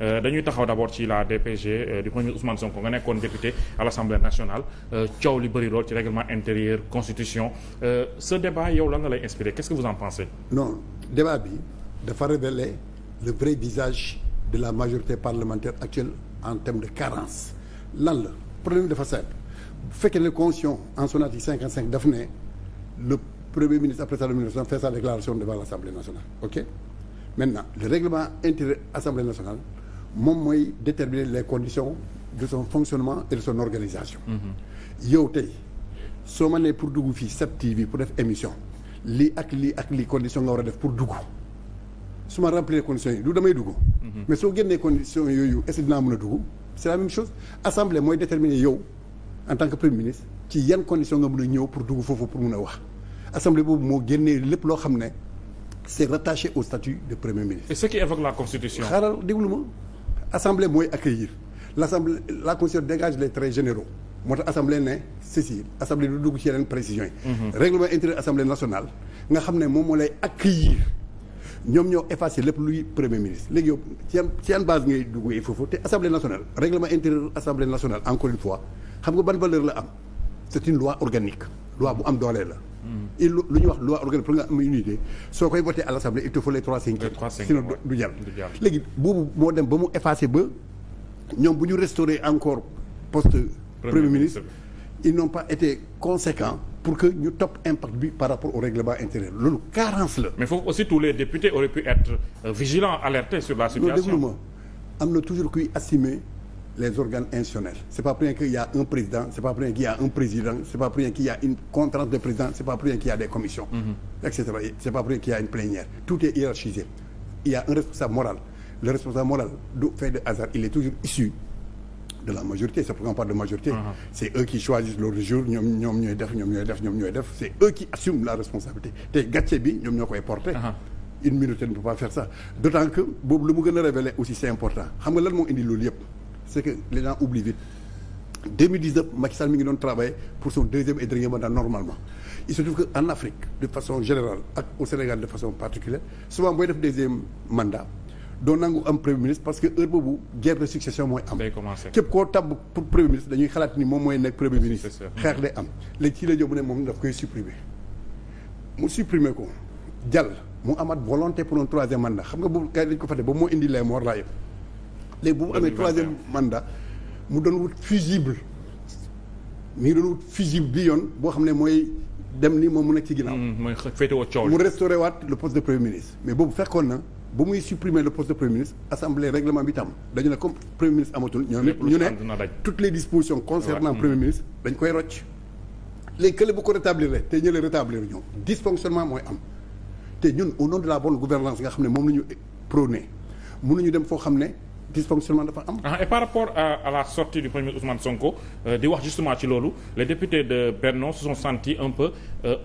Euh, dañuy taxaw d' abord ci la DPG euh, du premier Ousmane Sonko nga nekkoon député à l' assemblée nationale euh, coow li bëri lool ci règlement intérieur constitution ce débat yow lan la lay inspiré ce que vous en pensez. non débat bi dafa révéler le vrai visage de la majorité parlementaire actuelle en termes de carence lan la problème dafa simple bu fekkee ne constitution en son article 55 daf ne le premier ministre après sa nomination fait sa déclaration devant l' assemblée nationale ok maintenant le règlement intérieur assemblée moom mooy déterminer les conditions de son fonctionnement et de son organisation. Mm-hmm. yow tey soo ma nee pour dugg fii 7TV pour def émission lii ak lii ak lii condition nga war a def pour dugg su ma remplir conditions yi du damay dugg. Mm-hmm. mais soo génnee conditions yooyu est-ce dinaa mën a dugg c'est la même chose assemblée mooy déterminer yow en tant que premier ministre ci yan conditions nga mën a ñëw pour dugg foofu pour mën a wax assemblée boobu moo génnee lépp loo xam ne c'est rattaché au statut de premier ministre. et ce qui déglu ma. assemblée mooy accueillir l' assemblée la constitution dégage les traits généraux moo tax assemblée ne ceci assemblée du dugg ci yeneen précisions yi. Mhm. règlement intérieur assemblée nationale nga xam ne moom moo lay accueillir ñoom ñoo effacé lépp luy premier ministre léegi yow ci yan ci yan base ngay duggee foofu te assemblée nationale règlement intérieur assemblée nationale encore une fois xam nga ban valeur la am c' une loi organique loi bu am doolee la. il lu ñuy wax loi organique pour nga am unité soo koy voté à l' assemblée il te faut les trois cinquièmes sinon du jàll léegi boobu moo dem ba mu effacé ba ñoom bu ñu restaurer encore poste premier ministre ils n'ont pas été conséquents pour que ñu topp impact bi par rapport au règlement intérieur loolu carence la. mais foofu aussi tous les députés auraient pu être euh, vigilants alertés sur la situation. loolu déglu am na toujours kuy assumer. les organes institutionnels c'est pas pour rien qu'il y a un président c'est pas pour rien qu'il y a un a une contrainte de président c'est pas pour qu'il y a des commissions mhm. etc c'est pas pour qu'il y a une plénière tout est hiérarchisé il y a un responsable moral le responsable moral du fait de hasard il est toujours issu de la majorité c'est de majorité mhm. eux qui choisissent l'ordre du jour ñoom ñoom ñooy def ñoom ñooy def ñoom ñooy def c'est eux qui assument la responsabilité te gàcce bi ñoom ñoo koy porter mhm. une minorité ne peut pas faire lu mu gën a révéler aussi c'est important nga lan moo indi yëpp c'est que les gens oublient vite mi ngi doon travailler pour son deuxième et dernier mandat normalement il se trouve que en Afrique de façon générale ak au Sénégal de façon particulière souvent booy def deuxième mandat doo nangu am premier ministre parce que heure boobu guerre de succession mooy am képp ko tàbb pour premier ministre dañuy xalaat ni moom mooy nekk premier ministre xeex day am léegi ci la jóbu ne moom daf koy supprimer mu supprimer ko jàll mu amaat volonté indi les morts là léegi bu mu amee troisième mandat mu doon wut fusible mi ngi doon wut fusible bi yoon boo xam ne mooy dem ni moom mu nekk ci ginnaaw. Mm, mooy féetewoo coow mu restauré waat le poste de premier ministre. mais boobu fekkoon na ba muy supprimer le poste de premier ministre assemblée règlement bi tam dañu ne comme premier ministre amatul. ñoom ñëpp ñu ne toutes les dispositions concernant premier ministre dañ koy rocc. léegi kële bu ko rétablir la te ñële rétablir ñoom dysfonctionnement mooy am te ñun au nom de la bonne nga xam ne moom la ñu prôné mënuñu dem foo xam ne. dysfonctionnement dafa am. ah et par rapport à, à la sortie du premier Ousmane Sonko euh, di wax justement ci loolu les députés de Benno se sont sentis un peu euh,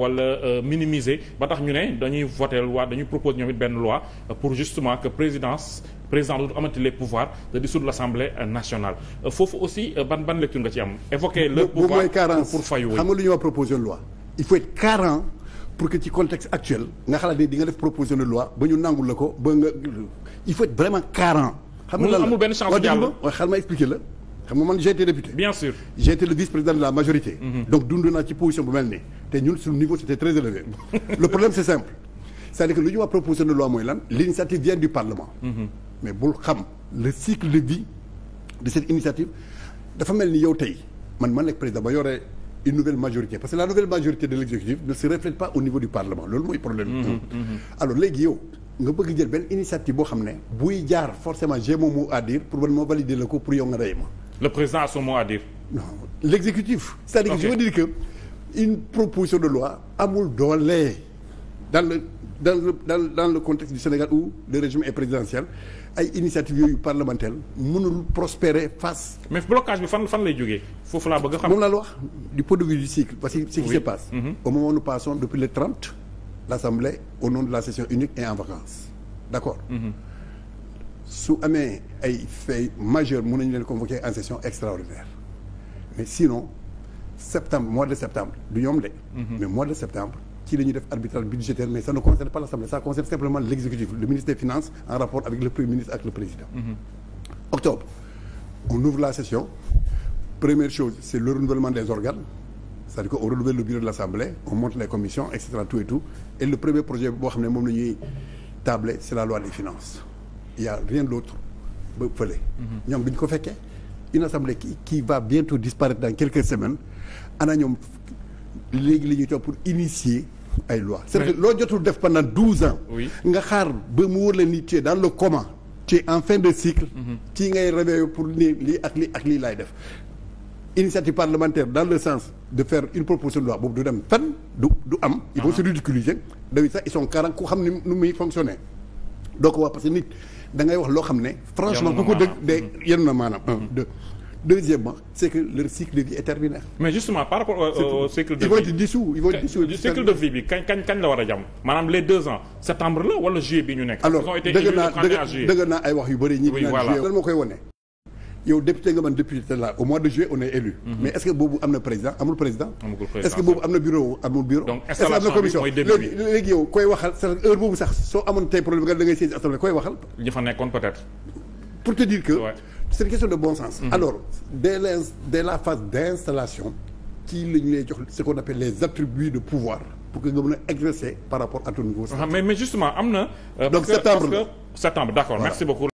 wala euh, ba tax ñu ne dañuy voter loi dañuy proposer ñoom it benn loi euh, pour justement que présidence président du amati le pouvoirs de dissoudre l'Assemblée nationale euh, foofu aussi euh, ban ban lecture nga ci am. évoquer leur pouvoir pour pour fayu. xam nga lu ñu wax proposer loi il faut être 40 pour que ci contexte actuel nga xalaat ne di def proposition de loi ba ñu nangul la ko ba nga il faut vraiment carré. xam nga lan la benn chance jàll waaw xam xam nga man j'ai député. bien sûr j'ai le vice-président de la majorité. Mhm. donc dund naa ci position bu mel nii. te ñun suñu niveau c'était très élevé. le problème c'est simple. c'est-à-dire lu ñu wax proposition de loi mooy lan l'initiative vient du parlement. Mhm. mais bul xam le cycle de vie de cette initiative une nouvelle majorité parce que la nouvelle majorité de l'exécutif ne se reflète pas au niveau du parlement loolu mooy problème mm-hmm, mm-hmm. alors léegi yow nga bëgg jël benn initiative boo xam ne buy jaar forcément j'ai mon mot à dire pour man ma valider la ko pour yow nga rey ma le président a son mot à dire non l'exécutif c'est-à-dire okay. je veux dire que une proposition de loi amul doole dans le dans le dans dans le contexte du Sénégal où le régime est présidentiel ay initiative yooyu parlementaire mënul prospérer face. mais blocage bi fan fan lay jógee foofu laa bëgg xam. moom la wax du point de vue du cycle parce que ce qui se passe. Mhm. au moment nous passons depuis le 30 l'assemblée au nom de la session unique est en vacances d'accord. Mhm. su amee ay faits majeurs mën nañu leen convoquer en session extraordinaire mais sinon septembre mois de septembre du ñoom de. Mhm. mais septembre. ci la concerne pas l'Assemblée ça concerne simplement l'exécutif le ministre des Finances en rapport avec le premier ministre ak le président mm-hmm. octobre on ouvre la session première chose c'est le renouvellement des organes cest le bureau de l'Assemblée on monte les commissions etc tout et le premier projet boo xam ne moom la ñuy tablé c'est la loi des finances il y a rien d'autre mm-hmm. qui, va bientôt disparaître dans quelques semaines ay loi cest loo jotul def pendant douze ans nga xaar ba mu wóor la ni tu es dans le coma tu en fin de cycle mhm. ci ngay réveillé pour ni lii ak lii ak lii laay def initiative parlementaire dans le sens de faire une proposition de boobu du dem fenn du am ils vont ah. se ridiculiser dañuy sax ils sont carant ku xam ni nu muy fonctionner doo ko wax parce que nit da ngay wax loo xam ne franchement ku ko dëgg de mhm. yenn na maanaam un mhm. Deuxièmement, c'est que leur cycle de vie est terminé. Mais justement par rapport au, au vie. vie kañ kañ la war a jàmm. maanaam les deux ans septembre la wala juillet bi ñu nekk. alors dëgg naa dëgg naa ay wax yu bëri ñi. oui voilà lan moo koy wone. yow député nga man depuis te au mois de juillet on est élu. Mhm. mais est que boobu am na président amul président. est que boobu am na bureau amul bureau. est que am na commission léegi yow c'est une question de bon sens. Mm -hmm. alors dès la phase d'installation ci la ñu lay jox ce qu'on appelle les attributs de pouvoir pour que nga a exercer par rapport à ton niveau. Ah, mais mais justement am na. Euh, donc septembre parce que d'accord merci beaucoup.